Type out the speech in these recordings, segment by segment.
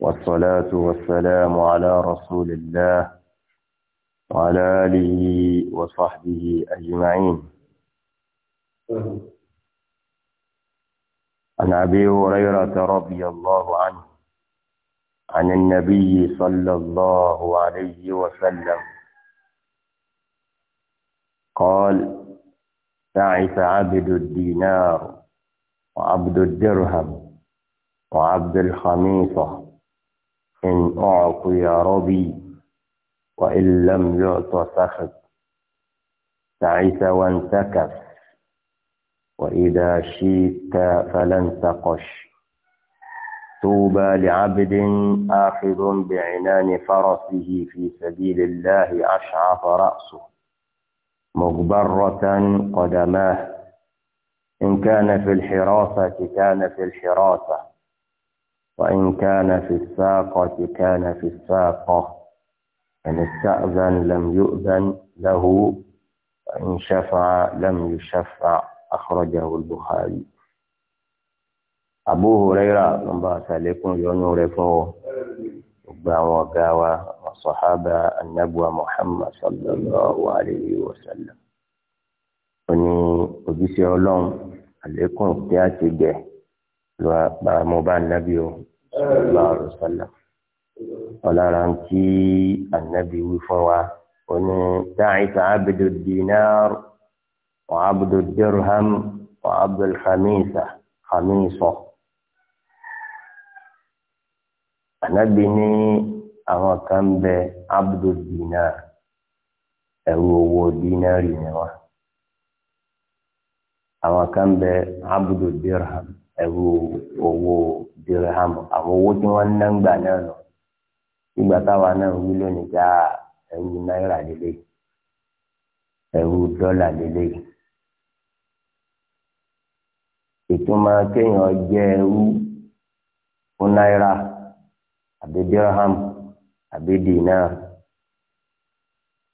والصلاة والسلام على رسول الله وعلى آله وصحبه أجمعين عن أبي هريرة رضي الله عنه عن النبي صلى الله عليه وسلم قال تعس عبد الدينار وعبد الدرهم وعبد الخميصة إن أعطي ربي وإن لم يعط سخط تعس وانتكف وإذا شئت فلن تقش طوبى لعبد آخذ بعنان فرسه في سبيل الله أشعف رأسه مغبرة قدماه إن كان في الحراسة كان في الحراسة وإن كان في الساقة كان في الساقة إن استأذن لم يؤذن له وإن شفع لم يشفع أخرجه البخاري Abu Huraira ló ń bá àtàlékún yọnu rẹ̀ fún ọ gbogbo àwọn ọ̀gá wa sọ̀hábà anábùwà Muhammad sallallahu alayhi wa sallam ó ní òjíṣẹ́ Ọlọ́run àlékún kí á ti gẹ̀ẹ́ lọ àmọ́ bá nàbí o lọ àrùn sọlá ọlára ń kí ànábì wí fún wa ó ní dáìsà abidu dinar wa abidu dirham wa abdul khamisa khamisa ànábì ní àwọn kan bẹ abidu dinar ẹrú owó dinari ni wa àwọn kan bẹ abidu dirham ẹrú owó dìrẹ́hàmù àwọn owó tí wọ́n ń ná gbà náà nù ìgbà táwa náà wí lónìí já ẹrú náírà lélẹ̀ ẹrú dọ́là lélẹ̀ ìtumọ̀ kéèyàn jẹ́ ẹrú fún náírà àbí dìrẹ́hàmù àbí dìínà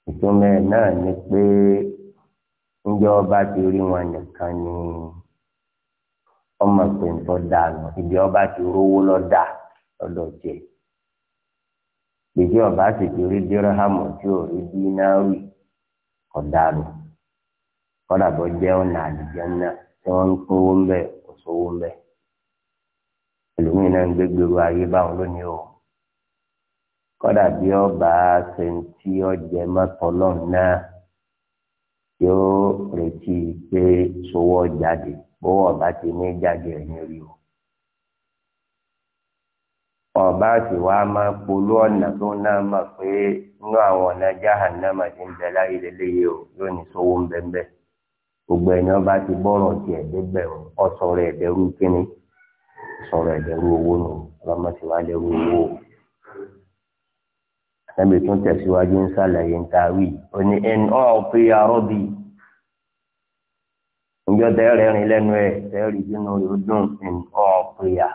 ìtumọ̀ náà ni pé ńjọba ti rí wọn nìkan ni. ọmọ pé nǹkan dànù ibi ọba ti rówó lọ́dà lọ́dọ̀jẹ́ ìdí ọba ti ti rí dírẹ́hámù tí ò rí bí náà rí ọ̀dàrú kọ́dà bọ́ jẹ́ ọ̀nà àdìjẹ́ náà tí wọ́n ń kówó ń bẹ̀ òṣòwò ń bẹ̀ ẹlòmíín náà ń gbé gbèrú ayé báwọn lónìí o kọ́dà bí ọba ṣe ń tí ọjẹ́ mọ́tọ́lọ́ọ̀ náà yóò retí pé sọwọ́ jáde. bówó ọba ti ní jáde ẹ̀yìn rí o ọba ti wá máa polú ọ̀nà tó náà mọ̀ pé inú àwọn ọ̀nà jahannama ti ń bẹ láyé o yóò sówó ń bẹ́ńbẹ́ gbogbo ẹni ọba ti bọ́rọ̀ ti débẹ̀ ọ sọ̀rọ̀ ẹ̀dẹ̀rú kínní owó nù ọlọ́mọ o tún tẹ̀síwájú ń sàlàyé ń ta wí ní ẹni njọ tẹ́rẹ̀ rìn lẹ́nu ẹ̀ tẹ́rì sínú rẹ̀ ó dùn in all prayer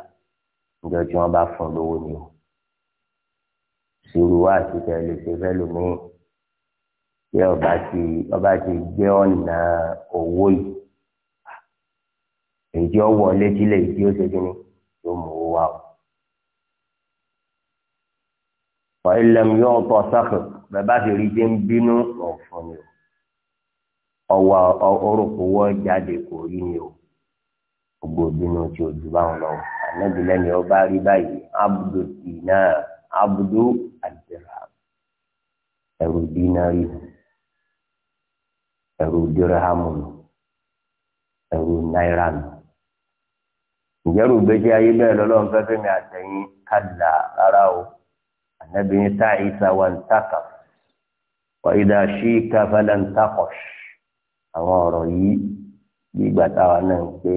njọ tí wọ́n bá fún lówó ni o ṣòro wá àtúntẹ̀ lè ṣe fẹ́ lómìn tí ọba ti ọba ti gbé ọ̀nà owó yìí èyí tí ó wọlé tí lè tí ó ṣe kí ni tó mú owó wá o. ọ̀ ilẹ̀ mi yóò tọ́ sáfù bẹ́ẹ̀ bá ti rí i tí ń bínú ọ̀fun ni o ọwọ́ ọrùkúwọ́ jáde kò rí ni o gbogbo ìbínú tí o jù báwọn lọ ànábì lẹ́ni ọba rí báyìí abudu dina abudu adira ẹrù dina rí ẹrù dirahamu ẹrù náírà nù ìjẹ́rù gbèsè ayé bẹ́ẹ̀ lọ́lọ́run fẹ́fẹ́ mi àtẹ̀yìn kàdà rárá o ànábì ní táyì sáwà ń takà wà ìdá ṣí kàfàlà ń takọ̀ṣì. àwọn ọ̀rọ̀ yìí bí ìgbà táwa náà ń pé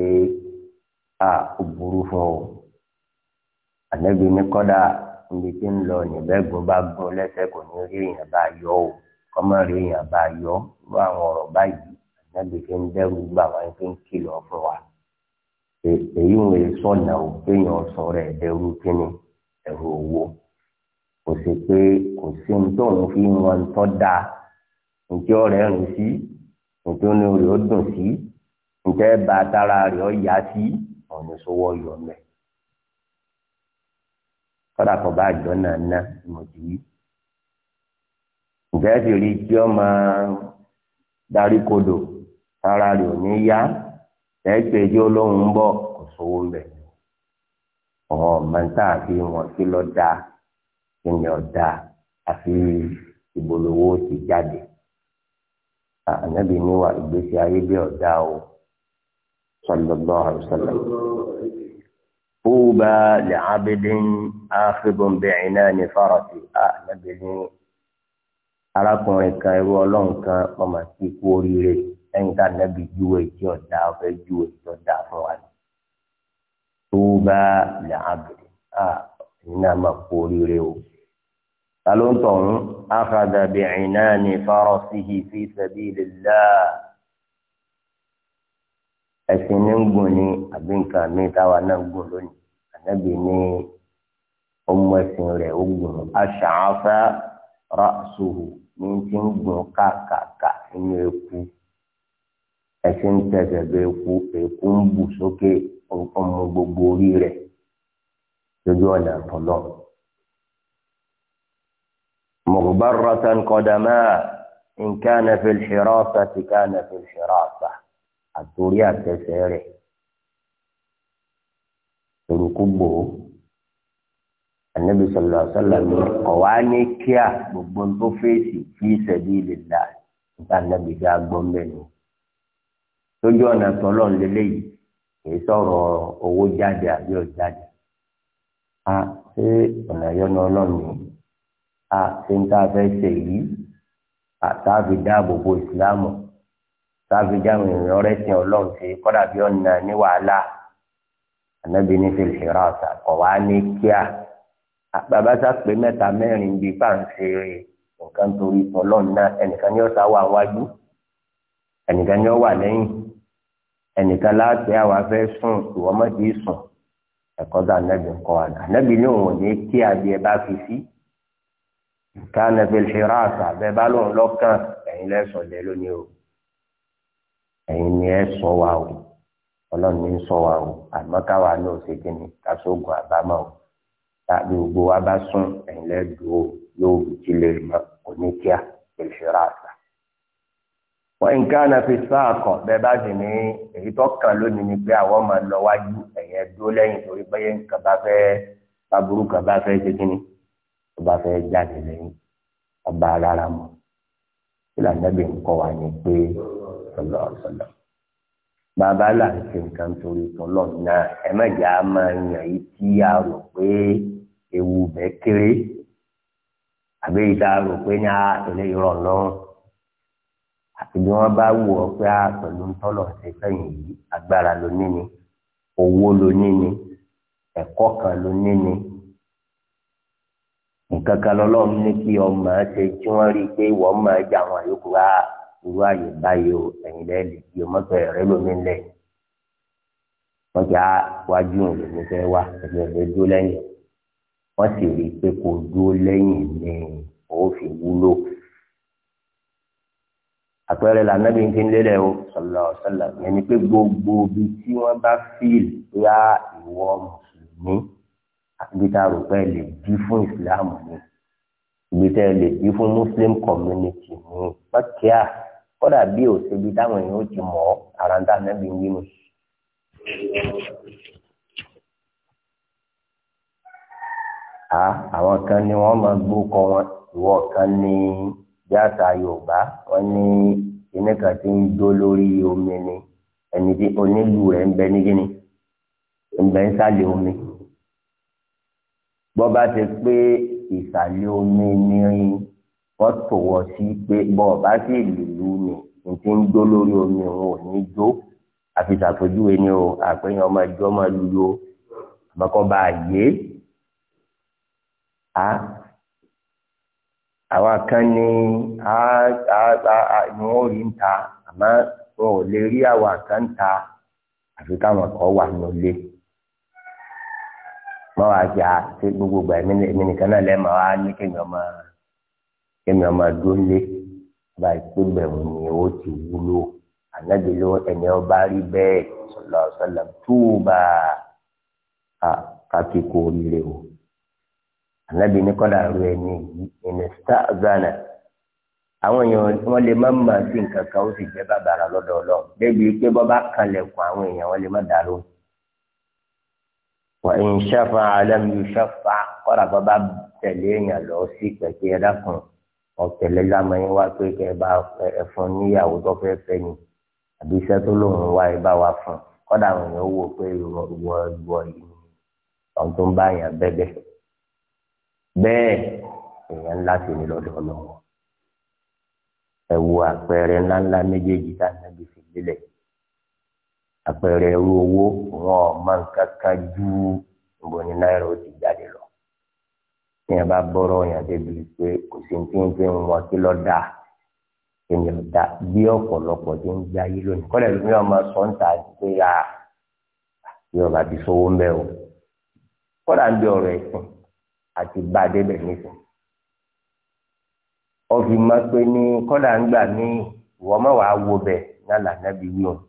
a ó burú fún o ànẹ́bí ní kọ́dà níbi tí ń lọ nìbẹ́gun bá gún lẹ́sẹ̀ kò ní rí èèyàn bá yọ o rí èèyàn bá yọ àwọn ọ̀rọ̀ báyìí ànẹ́bí fi ń dẹ́rù gbà fi ń kìlọ̀ o kéèyàn sọ rẹ̀ dẹ́rù ẹ̀rù owó kò nǹkan ní orí ó dùn sí nǹkan bá tara rẹ̀ ó yá sí ọ̀nà ìṣòwò ọyọ̀ mẹ́. kọ́dà kan bá àjọ náà ná mo ti wí. nǹkan sì rí tí ó máa darí kodò tara rẹ̀ ò ní yá ẹ̀ẹ́dẹ́gbẹ̀ẹ́ tí olóhùn ń bọ̀ kò sówó mẹ́. ọ̀hún mọ̀ntà àti wọn kí lọ́ọ́ da kí ni ọ̀ da àfi ìbolówó ti jáde ànábì níwà ìgbésí ayé bí ọ̀dá o sallallahu alaihi wasallam. Fúba lè abidin áfíbùn bẹ̀rẹ̀ náà ní fárọ̀tì ànábì ní arákùnrin kan irú ọlọ́run kan ọmọ sí kú oríire lẹ́yìn tá ànábì júwe tí ọ̀dá ọ̀fẹ́ júwe tí ọ̀dá fún wa ni. Fúba lè abidin á ní náà máa kú oríire o. فلنطن أخذ بعنان فرسه في سبيل الله ẹsìn ní ń gùn ní àbí nǹkan mi táwa náà ń gùn lónìí ànábì ní ọmọ ẹsìn rẹ ó gùn aṣááfá rásùhù ní ti ń gùn káàkàkà nínú eku ẹsìn tẹsẹ̀ bẹ eku eku ń bù sókè ọmọ gbogbo orí rẹ lójú ọ̀nà àtọ̀lọ́ọ̀. مغبرة قدماء إن كان في الحراسة كان في الحراسة الدنيا تسيره تركبه النبي صلى الله عليه وسلم قواني كيا ببنتو فيسي في سبيل الله النبي جاء بمبنه tójú ọ̀nà tọ́lọ̀ lélẹ́yìí kì í sọ̀rọ̀ owó jáde àbí ọ̀jáde. a ṣé ọ̀nà yọnu ọlọ́run a ṣe ń tá a fẹ́ ṣe yìí àtàfi dáàbò bo ìsìláàmù tàbí jáwé ìrìn ọrẹ sìn Ọlọ́run ṣe kódà bí ọ̀nà ní wàhálà ànábi ní fi ṣèrà ọ̀sà kọ̀ wá ní kíá bàbá sàpè mẹ́ta mẹ́rin bíi pàǹṣẹ nǹkan torí tọ́lọ́run náà ẹnìkan ní ọ̀sà wà wájú ẹnìkan ní ọ̀wà lẹ́yìn ẹnìkan láti àwa fẹ́ sùn ìwọ́n sùn ẹ̀kọ́ tó ànábi ń kọ́ ànábi ní òun ò ní kíá bí ẹ bá fi sí kánà fi ṣèrà àṣà bẹ́ẹ̀ bá lóun lọ́kàn ẹ̀yin lẹ́sọ̀ lé lónìí o ẹ̀yin ni ẹ sọ wa o ọlọ́run ní sọ wa o àmọ́ káwa náà ṣe kí ni ká sóògùn àbámọ̀ o tàbí gbogbo wa bá sún ẹ̀yin lẹ́dùn o yóò ti lè mọ oníkíá fi ṣèrà àṣà. wọ́n kánà fi sáàkọ̀ bẹ́ẹ̀ bá sì ní èyí tó kàn lónìí ni pé àwọn máa lọ wájú ẹ̀yin ẹ̀dúró lẹ́yìn torí pé nǹkan bá fẹ́ aburú kan bá fẹ́ ṣe kí bá fẹ́ jáde ní ọba rárá mọ́ sílẹ̀ nẹ́bí nǹkan wà ní pé sọlọ sọlọ. bàbá là ń ṣe nǹkan torí tọ́lọ̀ náà ẹ má jẹ́ a máa yàn yí tí a rò pé ewu bẹ́ẹ̀ kéré àbí ìta rò pé ní eléyìí ah, rọ̀ lọ́rùn àti bí wọ́n bá wù ọ́ pé a ah, pẹ̀lú tọ́lọ̀ ṣe fẹ́yìn yìí agbára ló ní ni owó ló ní ni ẹ̀kọ́ kan ló ní ni nǹkan kan lọ́lọ́run ní kí ọmọ ṣe tí wọ́n rí i pé wọ́n máa jà wọn yòókù wá irú àyè báyìí o ẹ̀yìn lẹ́yìn lè di mọ́tò ẹ̀rẹ́ lómi ńlẹ̀ wọ́n ti á wájú òun lèmi fẹ́ wá ẹ̀yìn lè dúró lẹ́yìn wọ́n sì rí i pé kò dúró lẹ́yìn ní òfin wúlò àpẹẹrẹ la nàbí ti ń lélẹ̀ o sọlọ sọlọ ẹni pé gbogbo ibi tí wọ́n bá fíìlì bóyá ìwọ mùsùlùmí ibi tá a rò pé ẹ lè bí fún ìsìláàmù ni ibi tá ẹ lè bí fún muslim community ni mọ́kíá kódà bí ò ṣe ibi táwọn èèyàn ó ti mọ̀ ọ́ ara ń dá nẹ́bí ń bínú. àwọn kan ni wọ́n máa gbókọ wọn ìwọ kan ní bí àṣà Yorùbá wọ́n ní kíní kan ti ń dó lórí omi ni ẹni tí onílù rẹ̀ ń bẹ ní kíni ń bẹ ń sálẹ̀ omi bọ́ba ti pé ìsàlẹ̀ omi ni wọ́n tò wọ́ sí pé bọ́ọ̀bá sì lùlù ni n ti ń dó lórí omi òun ò ní jó àfi ṣàpèjúwe ni o àpéyàn ọmọ ẹjọ́ máa lùlù o àyè á àwa kan ní á á á ni wọ́n rí ń ta àmọ́ wọn ò lè rí àwa kan ta àfi káwọn kan wà nílé mọ wàá jà ṣe gbogbo gbà èmi nìkan náà lẹ́ẹ̀ máa wá ní kémi ọmọ kémi ọmọ dúró lé bá bẹ̀rù ni ó ti wúlò ànábì ló ẹni ọba rí bẹ́ẹ̀ sọlọ sọlọ túùbà kàkíkó líle o ànábì ní kọ́dà rú ẹni yìí ẹni star ghana àwọn èèyàn wọn lè má mà sí nǹkan kan ó sì jẹ́ bàbàrà lọ́dọ̀ ọlọ́run débi pé bọ́ bá àwọn èèyàn wọn lè má dàrú wọ́n ń ṣẹ́fà alẹ́mú ṣẹ́fà kọ́ra bá bá tẹ̀lé èèyàn lọ sí pẹ̀kẹ́ ẹ dákun ọ̀tẹ̀lẹ́ lámọ́yìn wá pé kẹ́ ẹ bá ẹ fún níyàwó tó fẹ́ fẹ́ ni àbí iṣẹ́ tó lòun wá ẹ bá wa fún kọ́dà àwọn èèyàn wò pé ìwọ ìwọ yìí ọ̀hún tó ń bá èèyàn bẹ́ẹ̀ bẹ́ẹ̀ èèyàn ńlá sì ní lọ́dọ̀ ọlọ́wọ́ ẹ wo àpẹẹrẹ ńláńlá méjèèjì tá a nábì àpẹẹrẹ ẹrú owó wọn ọmọ nǹkan kan ju ìbò ní náírà ó ti jáde lọ tí yẹn bá bọ́rọ̀ yẹn débi pé kò sí ní tí ń wọn kí lọ́ọ́ dáa ènìyàn dá bí ọ̀pọ̀lọpọ̀ tó ń gbáyé lónìí kọ́lẹ̀ lómi ọmọ sọ́ńtà pé a yóò bá ti sọ owó ń bẹ́ o kọ́lá ń bí ọ̀rọ̀ ẹ̀sìn àti bá a débẹ̀ nísìn. ọ̀fìn máa pe ní kọ́lá ń gbà ní ìwọ́n máa wàá wo bẹ̀ lálàá nábì wíwọ̀n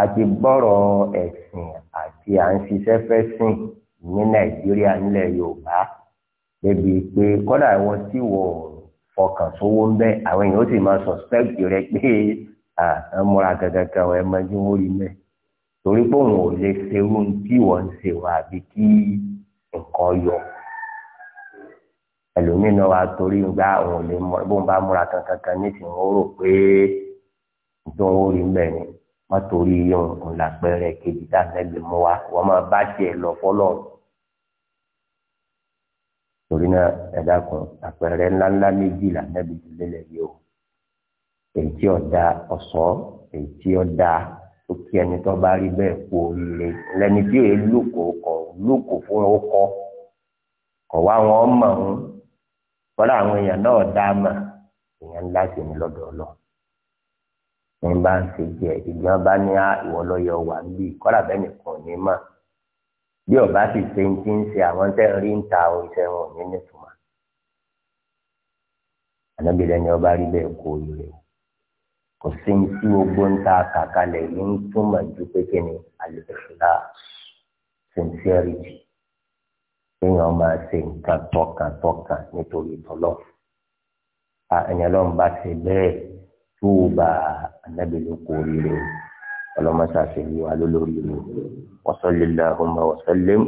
àti bọ́rọ̀ ẹ̀sìn àti à ń ṣiṣẹ́ fẹ́ sìn ní nàìjíríà nílẹ̀ yorùbá débi pé kọ́dà ìwọ tí wọ́n fọkàn sówó ń bẹ́ àwọn èèyàn ó sì máa suspect rẹ pé ẹ múra kankan ẹ máa jí wọ́n rí mẹ́ torí pé òun ò lè ṣerú tí wọ́n ń ṣe wà àbí kí nǹkan yọ ẹlòmíràn wa torí gba òun ò lè mọ bóun bá múra kankan nísìnyí ó rò pé nítorí wọ́n rí mẹ́ ni wọn torí yọ̀ǹkùn làpẹrẹ kejì tá a lẹ́bi mú wa wọ́n máa bá tiẹ̀ lọ fọ́lọ́ torí náà ẹ̀dá kan àpẹrẹ ńláńlá méjì lànàbí ti lélẹ̀ yìí o èyí tí ọ̀dà ọ̀sọ́ èyí tí ọ̀dà ó kí ẹni tó bá rí bẹ́ẹ̀ kú oríire lẹ́ni tí èyí lùkò kọ̀ lùkò fún ọkọ̀ kọ̀ wá wọn mọ̀ ń fọ́lá àwọn èèyàn náà dá mà èèyàn ńlá sì ní lọ́dọ̀ ọlọ́run ní bá ń ṣe jẹ ìgbọ́n bá ní á ah, ìwọ lọ́yọ̀ wà níbí kọ́lá bẹ́ẹ̀ nìkan ní mà bí ọba sì ṣe ń ti ń ṣe àwọn tẹ́ ń rí ń ta àwọn iṣẹ́ wọn ní nítumọ̀ ànábìlẹ̀ ni ọba rí bẹ́ẹ̀ kó lè kò sí ní tí gbogbo ń ta kàkálẹ̀ ní ń túmọ̀ ju pé kí ni àlùfẹ́fẹ́lá sincerity kéèyàn máa ṣe nǹkan tọkàntọkàn nítorí tọlọ́ọ̀ ẹ̀yìn ọlọ́run bá ṣe bẹ́ẹ̀ tóòbà anábì ló kó rire ọlọ́mọṣà sì rí wa lólórí rẹ wasalli allahumma wasallim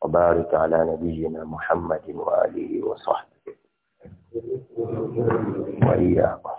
wa barik ala nabiyyina muhammadin wa alihi wa sahbihi wa iyyakum.